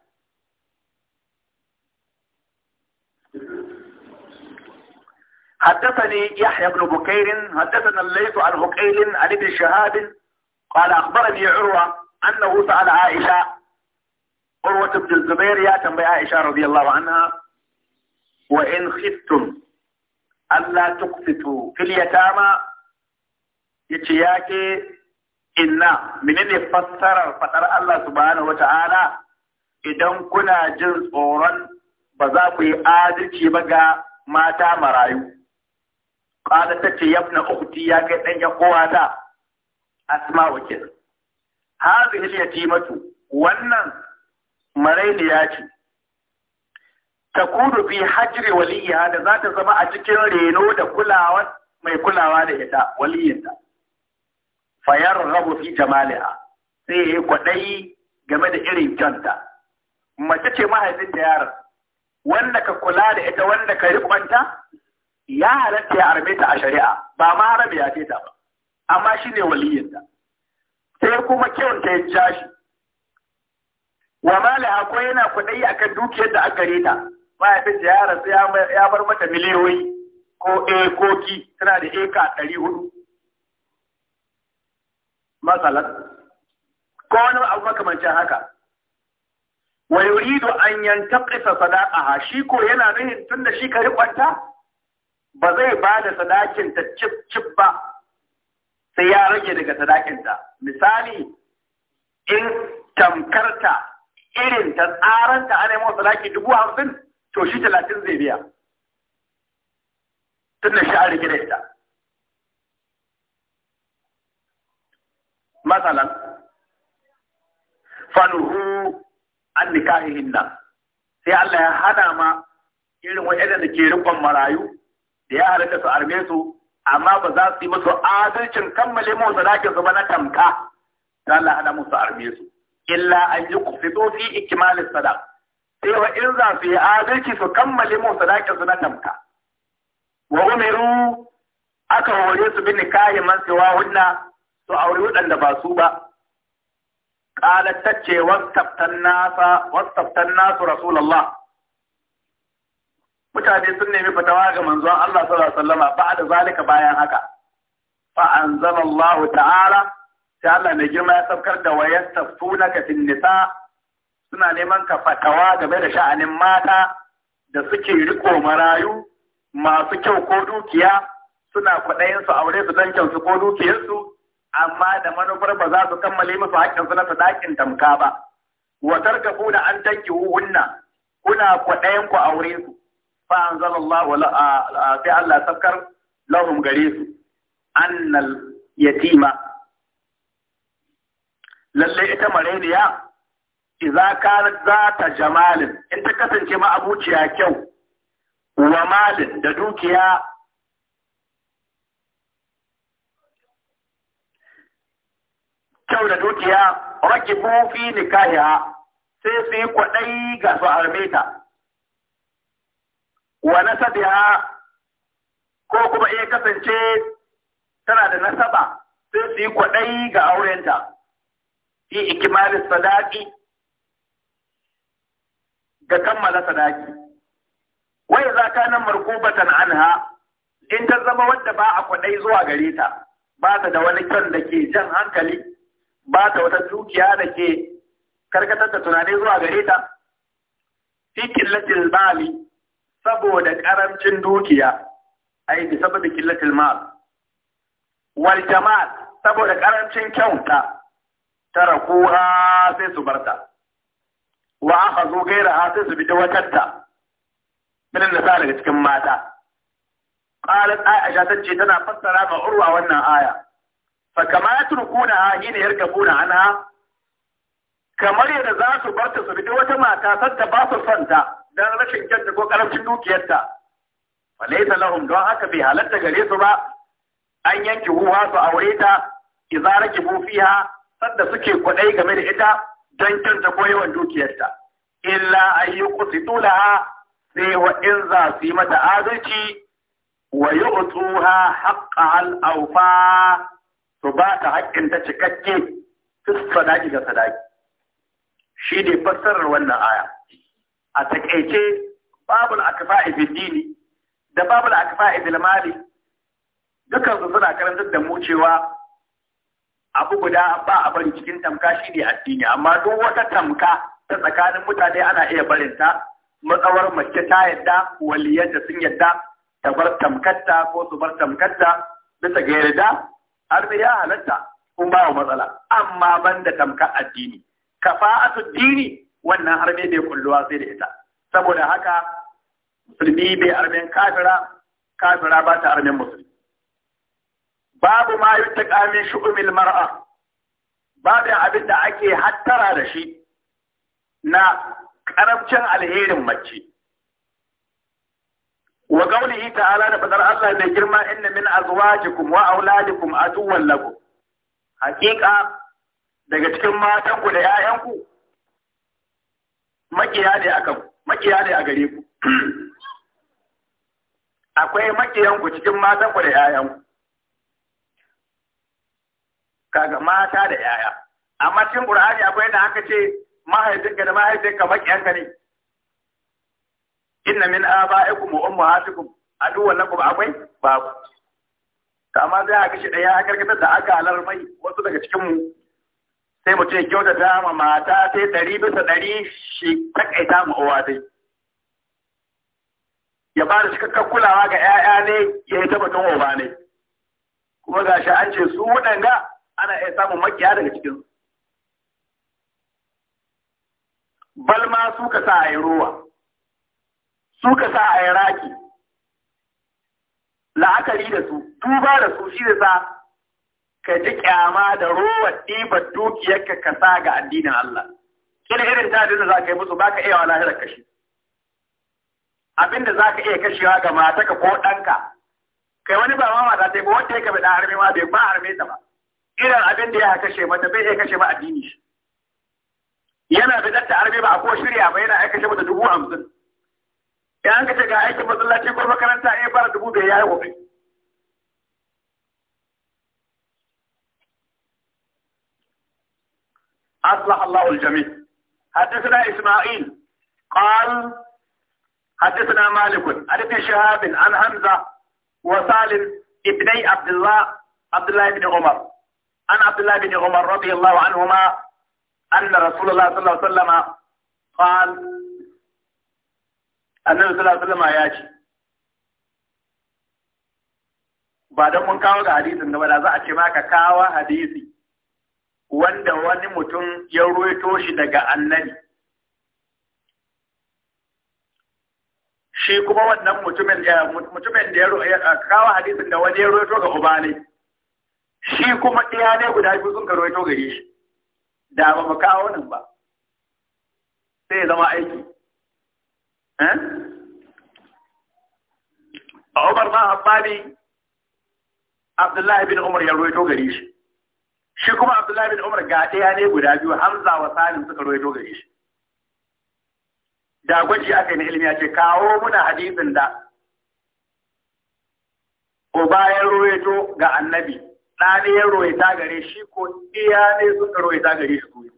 حدثني يحيى بن بكير حدثنا الليث عن هكيل عن ابن شهاب قال أخبرني عروة أنه سأل عائشة عروة بن الزبير يا تنبي عائشة رضي الله عنها وإن خفتم ألا تقسطوا في اليتامى يتياكي إنا من اللي فسر فتر الله سبحانه وتعالى إذا كنا جنس أوران بذاكي آدتي بقى ما تامرايو qala tace yabna ukhti ya kai dan yan uwata asma'u kin hadhihi al-yatimatu wannan marainiya ce takunu fi Hajari waliya da zata zama a cikin reno da kulawa mai kulawa da ita waliyinta fayar rabu fi jamaliha sai ya kwaɗayi game da irin kyanta mace ce mahaifin yaron wanda ka kula da ita wanda ka riƙonta ya halatta ya arme ta a shari'a ba ma harabe ya ce ta ba amma shi ne waliyinta sai kuma kyawunta ya ja shi wa malaha ko yana a akan dukiyar da aka rita mahaifinta ya rasu ya bar mata miliyoyi ko ekoki tana da eka ɗari hudu matsalar ko wani abu makamancin haka wa yuridu an yantaqisa sadaqaha shi ko yana nuhin tunda shi ka riƙonta ba zai ba da sadakinta ta cip ba sai ya rage daga sadakinta misali in tamkarta irin ta tsaranta ana yi sadaki dubu hamsin to shi talatin zai biya tun da shi a rage da ita masalan fanuhu an nikahihin sai Allah ya hana ma irin wa'yanda da ke rikon marayu da ya halatta su arme su amma ba za su yi musu adalcin kammale mu sadakin su ba na tamka da Allah hana musu arme su illa an yi fito fi ikmalis sadaq sai wa in za su yi adalci su kammale mu sadakin su na tamka wa umiru aka hore su bin nikahi man siwa hunna su aure wadanda ba su ba qalat wasu wastaftan nasu rasulullah mutane sun nemi fatawa ga manzon Allah sallallahu alaihi ba da zalika bayan haka fa anzalallahu ta'ala sai Allah mai girma ya saukar da wayar tafsunaka fil nisa suna neman ka fatawa game da sha'anin mata da suke riko marayu masu kyau ko dukiya suna kwaɗayin su aure su dan su ko dukiyarsu amma da manufar ba za su kammale musu hakkin su na sadakin tamka ba wa tarkafu da an tankihu hunna kuna kwaɗayin ku aure su fa anzalallahu sai Allah sakar lahum gare su annal yatima lalle ita mareniya izaka za zata jamalin in ta kasance ma abuciya kyau wa malin da dukiya kyau da dukiya rakibu fi sai su yi kwaɗayi ga su armeta wa nasabiha ko kuma iya kasance tana da nasaba sai su yi kwaɗayi ga aurenta fi ikimalin sadaki ga kammala sadaki wai za ka nan markubatan anha in ta zama wadda ba a kwaɗayi zuwa gare ta ba ta da wani kyan da ke jan hankali ba ta wata dukiya da ke karkatar da tunanai zuwa gare ta fi bali saboda ƙaramcin dukiya ai bi saboda killatul mal wal jamal saboda ƙaramcin kyauta tarakuha sai su barta wa akhadhu ghayraha sai su bi watatta min nisa daga cikin mata qalat aisha tace tana fassara ga urwa wannan aya fa kama yatrukuna hina yarkabuna anha kamar yadda za su barta su bi wata mata sadda ba su santa dan rashin kyanta ko karancin dukiyarta falaita lahum don haka bai halatta gare su ba an yanke huwa su aure ta idza rakibu fiha sadda suke kwadai game da ita don kyanta ko yawan dukiyarta illa ayyuqsitu laha sai wa in za su yi mata adalci wa yu'tuha haqqaha al-awfa to ba ta haƙƙin ta cikakke su sadaki ga sadaki shi ne fassarar wannan aya a takaice babul akfa'i fil da babul akfa'i fil mali su suna karantar da mu cewa abu guda ba a bari cikin tamka shi ne addini amma duk wata tamka ta tsakanin mutane ana iya barinta matsawar mace ta yadda waliyanta sun yadda ta bar tamkarta ko su bar tamkatta bisa ga yarda har ya halatta kun ba matsala amma ban da tamkar addini kafa'atu dini wannan harbe bai kulluwa sai da ita saboda haka musulmi bai armen kafira kafira ba ta armen musulmi babu ma yuttaka min shu'umil mar'a babu abin da ake hattara da shi na karamcin alherin mace wa qawlihi ta'ala da fadar Allah mai girma inna min azwajikum wa auladikum aduwwan lakum haqiqa daga cikin matanku da 'ya'yanku makiya ne aka makiya ne a gare ku akwai makiyan ku cikin matan ku da yayan ku kaga mata da yaya amma cikin qur'ani akwai da aka ce mahaifinka da mahaifinka makiyanka ne inna min aba'ikum wa ummahatikum aduwwan lakum akwai babu amma zai a kishi da a karkatar da aka halar mai wasu daga cikin mu sai ce ya kyautata ma mata sai ɗari bisa ɗari shi takaita ma uwa dai ya ba da cikakken kulawa ga 'ya'ya ne ya yi ta batun uba ne kuma ga shi an ce su waɗanga ana iya samun makiya daga cikin Balma su ka sa a yi ruwa su ka sa a yi raki la'akari da su tuba da su shi da sa ka ji kyama da rowar ɗibar dukiyarka ka sa ga addinin Allah kila irin ta da za ka yi musu ba ka iya wani lahirar kashi abinda za ka iya kashewa ga mataka ko ɗanka kai wani ba ma mata ta yi ba wanda ya kaɓe ɗan harme ma bai ba harme ta ba irin abin da ya kashe mata bai iya kashe ba addini shi yana da ɗanta harme ba a ko shirya ba yana aika kashe mata dubu hamsin idan ka ce ga aikin masallaci ko makaranta ya fara dubu bai ya yi wa bai أصلح الله الجميع حدثنا إسماعيل قال حدثنا مالك عن ابن شهاب عن حمزة وسالم ابني عبد الله عبد الله بن عمر عن عبد الله بن عمر رضي الله عنهما أن رسول الله صلى الله عليه وسلم قال النبي صلى الله عليه وسلم ياتي ba don mun kawo ga hadisin da ba da za a ce maka kawo hadisi wanda wani mutum ya ruwaito shi daga annabi shi kuma wannan mutumin mutumin da ya kawo hadisin da wani ya ruwaito ga ubani shi kuma ɗaya ne guda biyu sun ka ruwaito gare shi da ba mu kawo nan ba sai zama aiki eh? a Umar ma Abdullahi bin Umar ya ruwaito gare shi shi kuma Abdullahi bin Umar ga ɗaya ne guda biyu Hamza wa Salim suka roye doga shi da gwaji aka yi ilimi ya ce kawo muna hadisin da ko bayan to ga annabi ɗa ne ya ta gare shi ko ɗiya ne suka ta gare shi su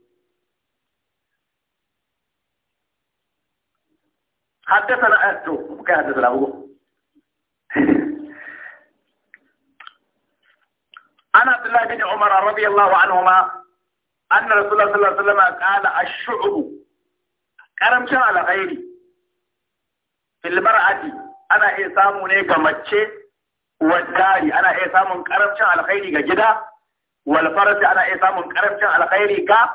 حدثنا أنتو كان حدثنا أبوه عن عبد الله بن عمر رضي الله عنهما أن رسول الله صلى الله عليه وسلم قال الشعب كرم على غيري في المرأة دي. أنا إسام نيكا متشي والداري أنا إسام كرم على غيري كجدا والفرس أنا إسام كرم على غيري كا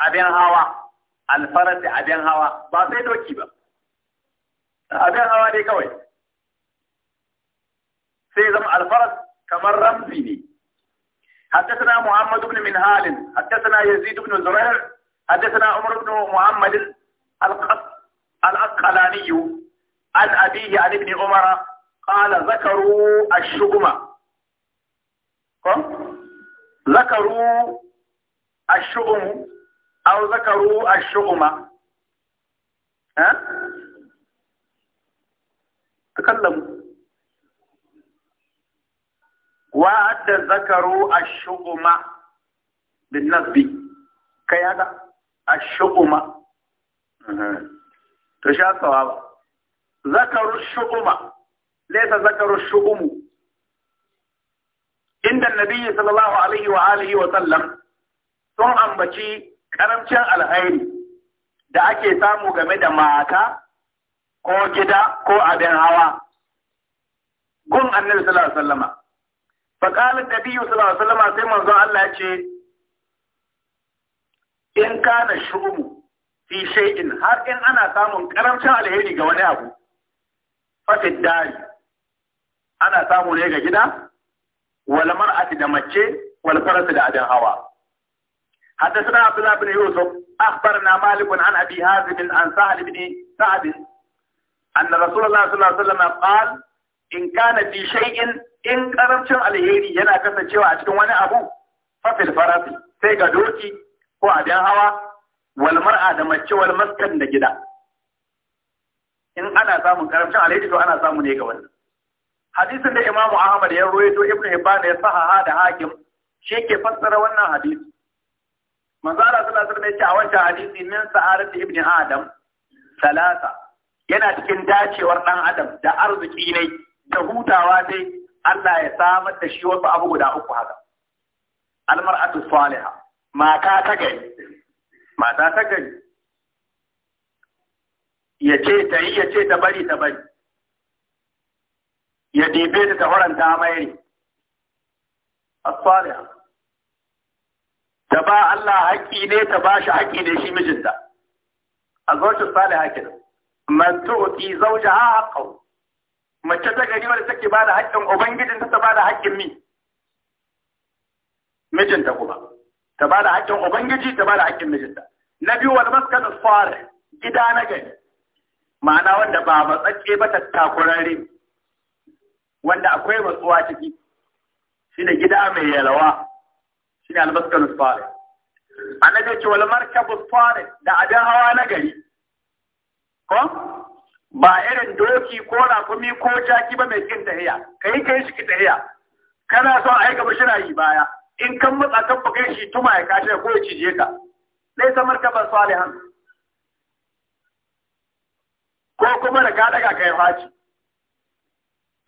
أبين هوا الفرس أبين هوا بعدين دوكي أبين هوا دي كوي سيزم الفرس كمرم فيني حدثنا محمد بن منهال حدثنا يزيد بن زرير حدثنا عمر بن محمد الأقلاني عن أبيه عن ابن عمر قال ذكروا الشؤم ذكروا الشؤم أو ذكروا الشؤم ها تكلموا wa'adda zakaru ash-shuguma bin nasbi kai haka ash-shuguma to sha tsawa zakaru shuguma laysa zakaru shugumu inda nabiyyi sallallahu alaihi wa alihi wa sallam sun ambaci karamcin alhairi da ake samu game da mata ko gida ko abin hawa gun annabi sallallahu alaihi wa sallama faƙalin da biyu sallallahu alaihi sai manzon Allah ce in kana shubu fi shay'in har in ana samun karamcin alheri ga wani abu fatid dari ana samu ne ga gida wal mar'ati da mace wal farasi da adan hawa حدثنا عبد الله بن يوسف اخبرنا مالك عن ابي هازم عن سهل بن سعد ان رسول الله صلى الله عليه وسلم قال in kana fi shay'in in karamcin alheri yana kasancewa a cikin wani abu fil farasi sai ga doki ko abin hawa wal mar'a da mace wal maskan da gida in ana samun karamcin alheri to ana samu ne ga wannan hadisin da Imam Ahmad ya rawaito Ibn Hibban ya sahaha da Hakim shi ke fassara wannan hadisi manzo Allah sallallahu alaihi wasallam ya ce a wancan hadisi min sa'arat ibn Adam salasa yana cikin dacewar dan Adam da arziki ne da hutawa dai Allah ya samar da shi wasu abu guda uku haka almar'atu salihah mata ta gari mata ta gari ya ce ta yi ya ce ta bari ta bari ya dibe ta ta horanta mai ne as-salihah ta ba Allah haƙƙi ne ta ba shi haƙƙi ne shi mijinta azwatu salihah kenan man tu'ti zawjaha haqqahu mace ta gari wadda take ba da haƙƙin ubangijin ta ba da haƙƙin mi mijinta kuma ta ba da haƙƙin ubangiji ta ba da haƙƙin mijinta na biyu wal maskan salih gida na gari ma'ana wanda ba matsakke ba tattakurare wanda akwai matsuwa ciki shine gida mai yalawa shine almaskan salih annabi ya ce wal markabu salih da abin hawa na gari ko ba irin doki ko rakumi ko jaki ba mai kin tahiya kai kai shi ki tahiya kana so a aika bashira yi baya in kan matsa kan baka shi tuma ya kashe ko ya cije ka dai samar ka ban salihan ko kuma da ka daga kai faci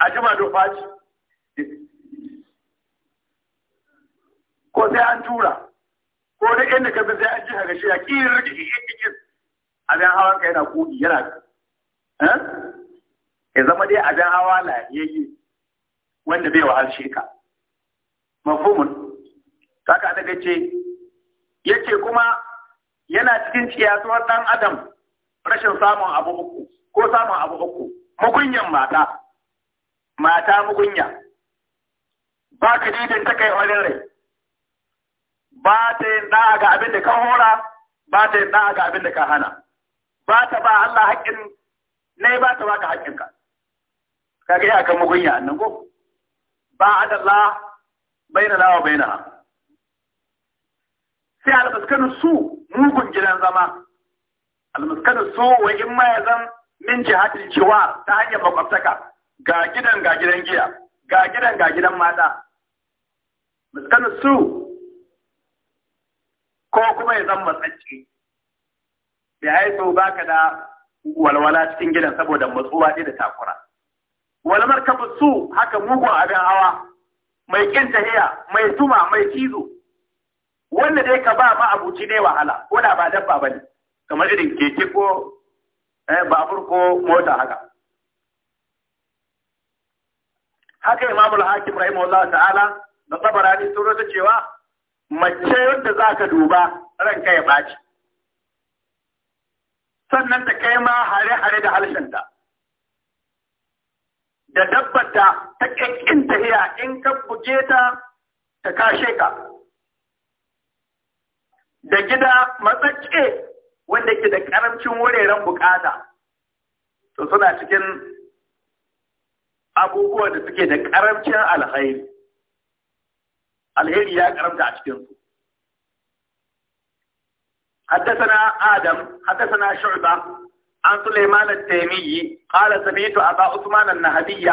a jima do faci ko sai an tura ko da inda ka bi sai an ji haka shi ya kirki a abin hawan ka yana kuɗi yana Eh? ya zama dai abin hawa yi wanda bai wahal shi ka mafhumun kaka daga ce ce kuma yana cikin ciyatuwar ɗan adam rashin samun abu uku ko samun abu uku mugunyan mata mata mugunya ba ka didin ta kai wani rai ba ta yin da'a ga abin da ka hora ba ta yin da'a ga abin da ka hana ba ta ba Allah haƙƙin na ba ta baka haƙƙinka ka ga ya kan mugunya annan ko ba adalla bayna lawa bayna sai almaskanu su mugun gidan zama almaskanu su wa in ma ya zan min jihatil jiwa ta hanyar makwabtaka ga gidan ga gidan giya ga gidan ga gidan mata maskanu su ko kuma ya zan matsacci bi haitu baka da walwala cikin gidan saboda matsuwa da takura Walmar markabu su haka mugun abin hawa mai kin tahiya mai tuma mai cizo wanda dai ka ba ma'abuci ne wahala ko da ba dabba ba ne, kamar irin keke ko eh, babur ko mota haka haka imamul hakim Allah ta'ala da tsabarani sun cewa mace yadda za ka duba ranka ya ɓaci sannan ta kai ma hare-hare da harshenta da dabbata ta ta ƙaƙƙin tahiya in ka buge ta ta kashe ka da gida matsakke wanda ke da ƙaramcin wuraren bukata to suna cikin abubuwan da suke da ƙaramcin alhairi alheri ya ƙaramta a cikinsu حدثنا آدم حدثنا شعبة عن سليمان التيمي قال سمعت أبا عثمان النهدي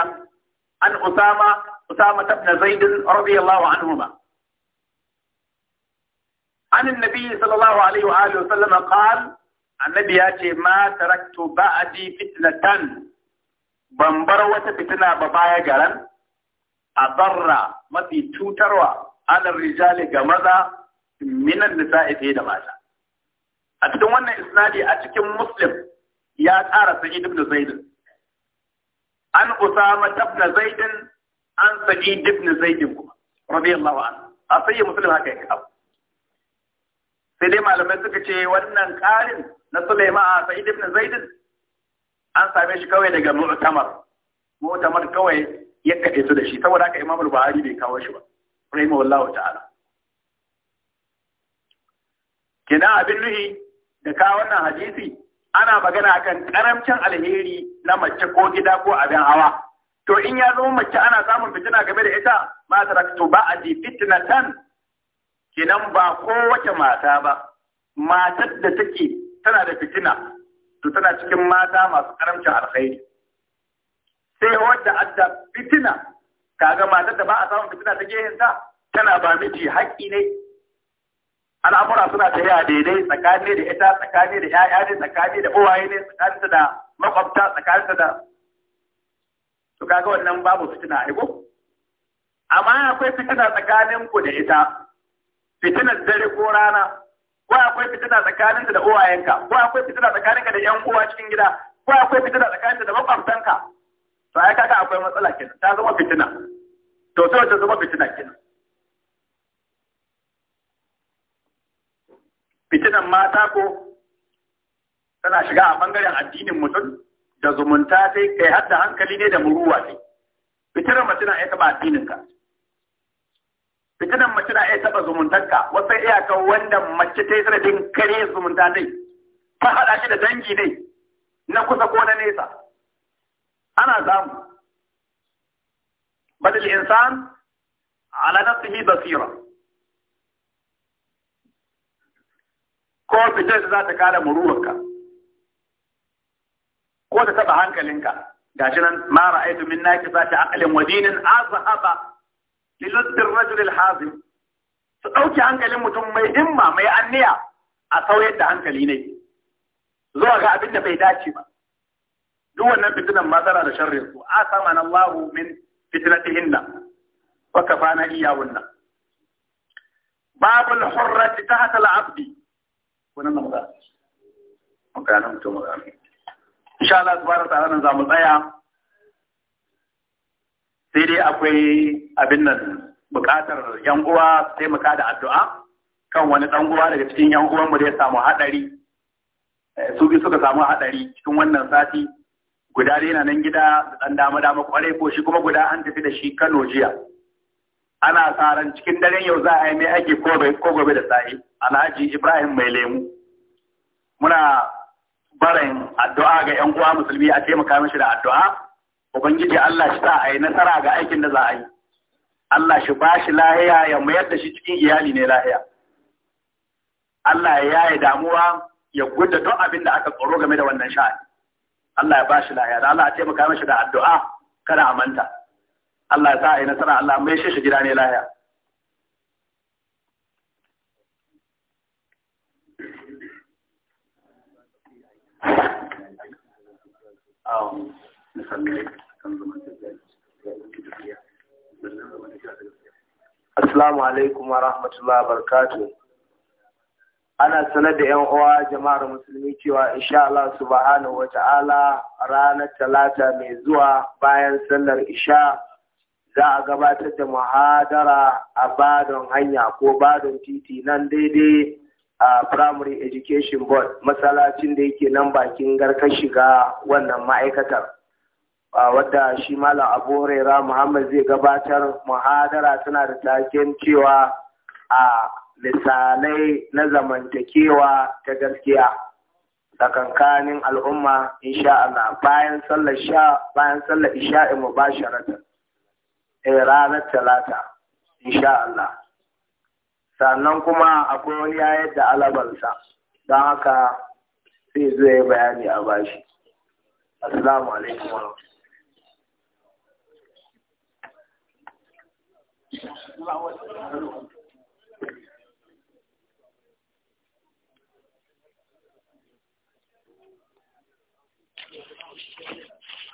عن أسامة أسامة بن زيد رضي الله عنهما عن النبي صلى الله عليه وآله وسلم قال النبي ياتي ما تركت بعدي فتنة بمبر وتفتنا ببايا جرن أضر ما في توتر على الرجال جمزة من النساء في دماغها a cikin wannan isnadi a cikin muslim ya tsara sa'id ibn zaid an usama ibn zaid an sa'id ibn zaid kuma radiyallahu anhu a sai muslim haka ya kawo sai dai malamai suka ce wannan karin na Sulaiman a Sa'id ibn Zaid an same shi kawai daga Mu'tamar Mu'tamar kawai ya kade su da shi saboda haka Imam Buhari bai kawo shi ba rahimahullahu ta'ala kina abin nuhi da ka wannan hadisi ana magana akan karamcin alheri na mace ko gida ko abin hawa to in ya zama mace ana samun fitina game da ita ma rakto ba a tan. kinan ba kowace mata ba matar da take tana da fitina to tana cikin mata masu karamcin alheri. sai wadda adda fitina kaga matar da ba a samun fitina take yin ta tana ba miji haƙƙi ne al'amura suna tafiya daidai tsakani da ita tsakani da ƴaƴa ne tsakani da uwaye ne tsakani da makwabta tsakani da to kaga wannan babu fitina a ko amma akwai fitina tsakanin ku da ita fitinar dare ko rana ko akwai fitina tsakanin da uwayenka ko akwai fitina tsakaninka da ƴan uwa cikin gida ko akwai fitina tsakanin da makwabtanka to ai kaga akwai matsala kenan ta zama fitina to sai ta zama fitina kenan shaidan mata ko tana shiga a bangaren addinin mutum da zumunta sai kai har da hankali ne da muruwa ne. Fitinan mace na iya taɓa addinin ka mace na iya taba zumuntarka. ka wasu iyakar wanda mace ta yi sanadin kare zumunta ne ta haɗa shi da dangi ne na kusa ko na nesa ana samu badal insan ala nafsihi basira ko fitar da za ta kara muruwarka ko ta taba hankalinka gashi nan ma ra'aytu min naki zati aqlin wa dinin azhaba liludd ar-rajul al-hazim su dauki hankalin mutum mai himma mai anniya a sauyar da hankali ne zuwa ga abin da bai dace ba duk wannan fitinan ma tana da sharrin su asamana Allahu min fitnatihinna wa kafana iyawunna babul hurrati tahta al-abdi wannan ramadan mun kana mutum ramadan insha Allah nan zamu tsaya sai dai akwai abin nan bukatar yan uwa su taimaka da addu'a kan wani dan uwa daga cikin yan uwan mu da ya samu hadari eh, su bi suka samu hadari cikin wannan sati guda dai na nan gida da dan dama dama kwarai ko shi kuma guda an tafi da shi Kano jiya ana tsaron cikin daren yau za a yi mai aiki ko gobe da sa'i alhaji ibrahim mai lemu muna barin addu'a ga yan uwa musulmi a taimaka mishi da addu'a ubangiji Allah shi sa a yi nasara ga aikin da za a yi Allah shi ba shi lahiya ya mayar da shi cikin iyali ne lahiya Allah ya yaye damuwa ya gudda duk abin da aka tsoro game da wannan sha'ani Allah ya ba shi lahiya da Allah a taimaka mishi da addu'a kada a manta Allah ya sa a nasara Allah mai shi gida ne lahiya Assalamu alaikum wa rahmatullahi wa Ana sanar da ‘yan uwa jama'ar musulmi cewa insha Allah subhanahu wa ta'ala ranar talata mai zuwa bayan sallar isha za a gabatar da muhadara a badon hanya ko badon titi nan daidai a primary education board matsalacin da yake nan bakin garkar shiga wannan ma'aikatar wadda shi malam abu huraira muhammad zai gabatar muhadara tana da taken cewa a misalai na zamantakewa ta gaskiya tsakankanin al'umma insha Allah bayan sallar isha'i mubasharatan Eh, ranar talata insha Allah sannan kuma akwai wani ya yadda alabansa don haka sai zo ya bayani a bashi assalamu alaikum wa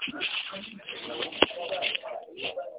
Thank you.